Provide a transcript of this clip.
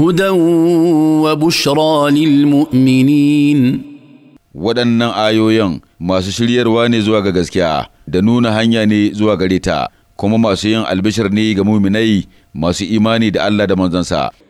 هدى وبشرى للمؤمنين waɗannan ayoyin masu shiryarwa ne zuwa ga gaskiya da nuna hanya ne zuwa gare ta kuma masu yin albishir ne ga muminai masu imani da Allah da manzansa.